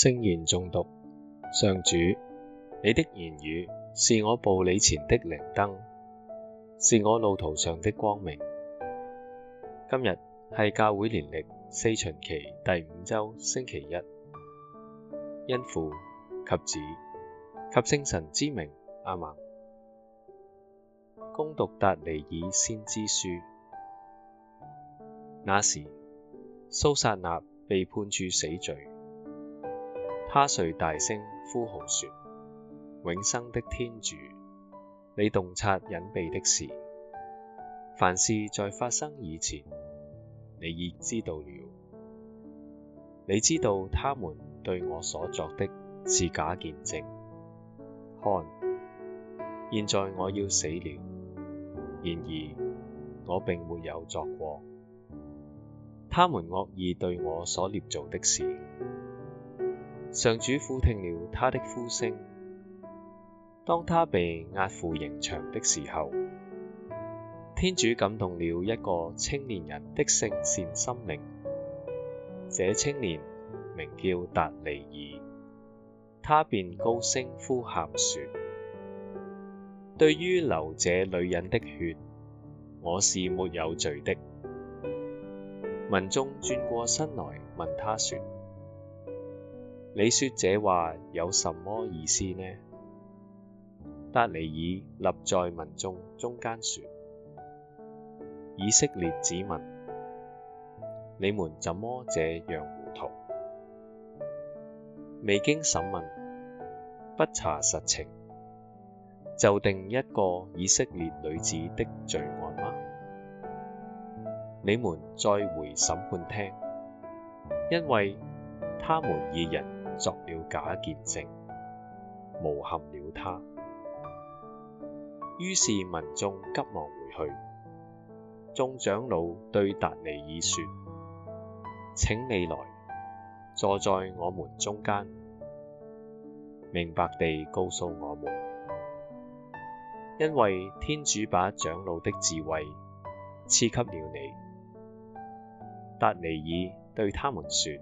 聖言誦讀。上主，你的言語是我步你前的靈燈，是我路途上的光明。今日係教會年曆四旬期第五周星期一，因父及子及聖神之名，阿們。恭讀達尼爾先知書。那時，蘇撒納被判處死罪。他遂大聲呼號說：永生的天主，你洞察隱秘的事，凡事在發生以前，你已知道了。你知道他們對我所作的是假見證。看，現在我要死了，然而我並沒有作過他們惡意對我所捏造的事。上主俯聽了他的呼聲，當他被押赴刑場的時候，天主感動了一個青年人的聖善心靈。這青年名叫達尼爾，他便高聲呼喊說：對於流這女人的血，我是沒有罪的。民眾轉過身來問他說。你說這話有什麼意思呢？達尼爾立在民眾中間説：以色列子民，你們怎麼這樣糊塗？未經審問，不查實情，就定一個以色列女子的罪案嗎？你們再回審判廳，因為他們二人作了假見證，誣陷了她。於是民眾急忙回去。眾長老對達尼爾說：「請你來，坐在我們中間，明白地告訴我們，因為天主把長老的智慧賜給了你。」達尼爾對他們說：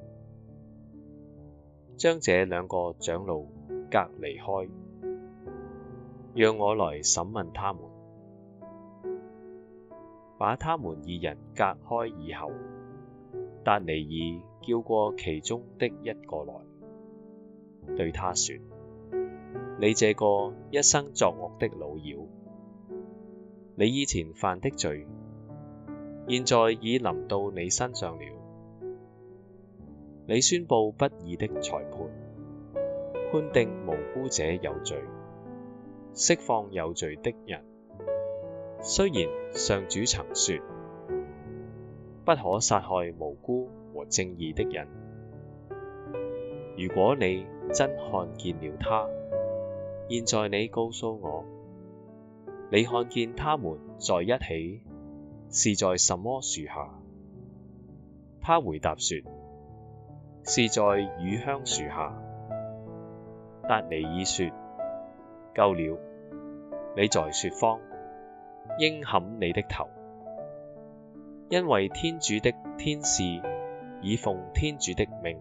將這兩個長老隔離開，讓我來審問他們。把他們二人隔開以後，達尼爾叫過其中的一個來，對他說：「你這個一生作惡的老妖，你以前犯的罪，現在已臨到你身上了。」你宣佈不義的裁判，判定無辜者有罪，釋放有罪的人。雖然上主曾說，不可殺害無辜和正義的人。如果你真看見了她，現在你告訴我，你看見他們在一起是在什麼樹下？他回答說。是在乳香樹下，達尼爾說：夠了，你在說謊，應砍你的頭，因為天主的天使已奉天主的命，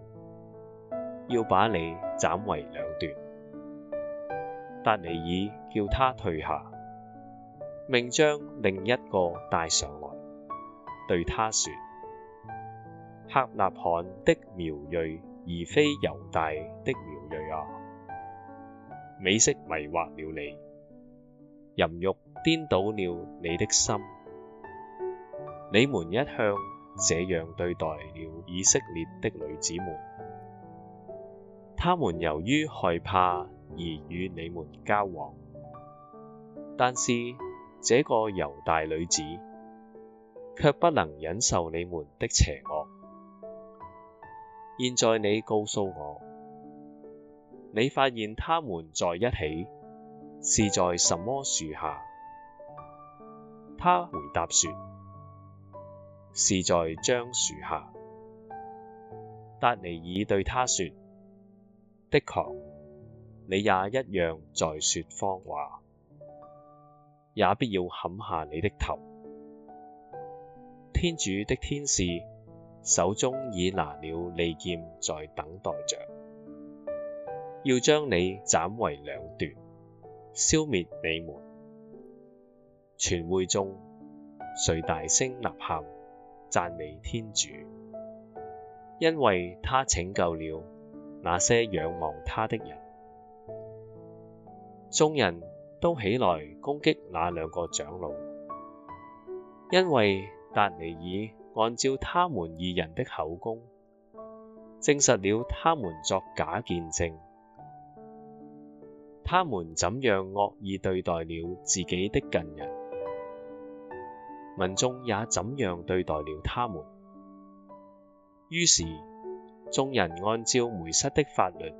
要把你斬為兩段。達尼爾叫他退下，命將另一個帶上來，對他說。客納罕的苗裔，而非猶大的苗裔啊！美色迷惑了你，淫欲顛倒了你的心。你們一向這樣對待了以色列的女子們，她們由於害怕而與你們交往，但是這個猶大女子卻不能忍受你們的邪惡。現在你告訴我，你發現他們在一起是在什麼樹下？他回答說：是在樟樹下。達尼爾對他說：的確，你也一樣在說謊話，也必要砍下你的頭。天主的天使，手中已拿了利劍，在等待着，要將你斬為兩段，消滅你們。全會眾，遂大聲吶喊，讚美天主，因為他拯救了那些仰望他的人。眾人都起來攻擊那兩個長老，因為達尼爾。按照他們二人的口供，證實了他們作假見證，他們怎樣惡意對待了自己的近人，民眾也怎樣對待了他們。於是眾人按照梅瑟的法律，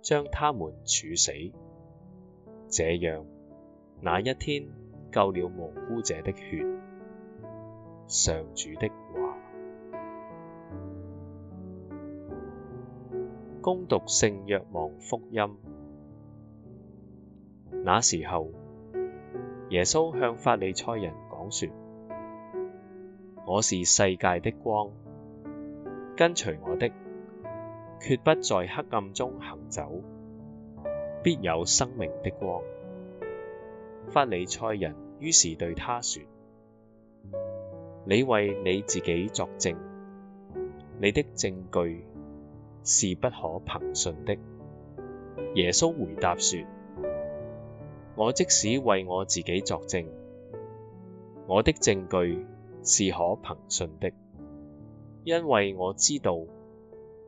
將他們處死。這樣，那一天救了無辜者的血。上主的話，恭讀聖若望福音。那時候，耶穌向法利塞人講説：我是世界的光，跟隨我的，決不在黑暗中行走，必有生命的光。法利塞人於是對他説：你為你自己作證，你的證據是不可憑信的。耶穌回答說：我即使為我自己作證，我的證據是可憑信的，因為我知道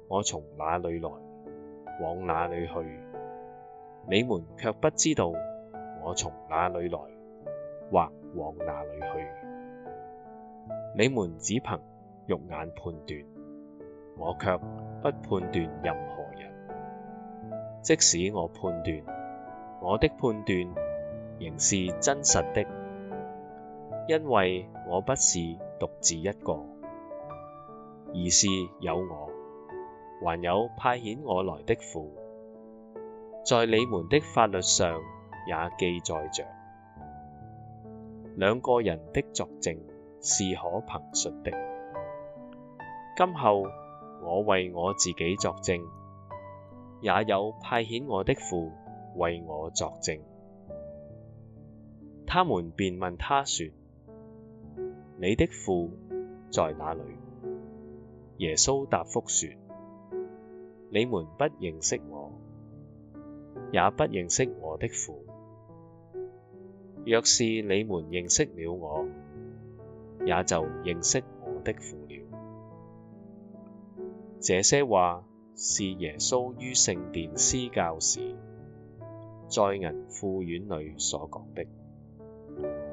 我從哪裡來，往哪裡去。你們卻不知道我從哪裡來，或往哪裡去。你們只憑肉眼判斷，我卻不判斷任何人。即使我判斷，我的判斷仍是真實的，因為我不是獨自一個，而是有我，還有派遣我來的父。在你們的法律上也記載着兩個人的作證，是可憑信的。今後我為我自己作證，也有派遣我的父為我作證。他們便問他說：你的父在哪裏？耶穌答覆說：你們不認識我，也不認識我的父。若是你們認識了我，也就認識我的父了。這些話是耶穌於聖殿施教時，在銀庫院裏所講的。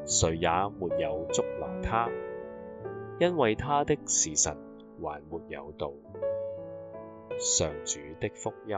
誰也沒有捉拿他，因為他的時辰還沒有到。上主的福音。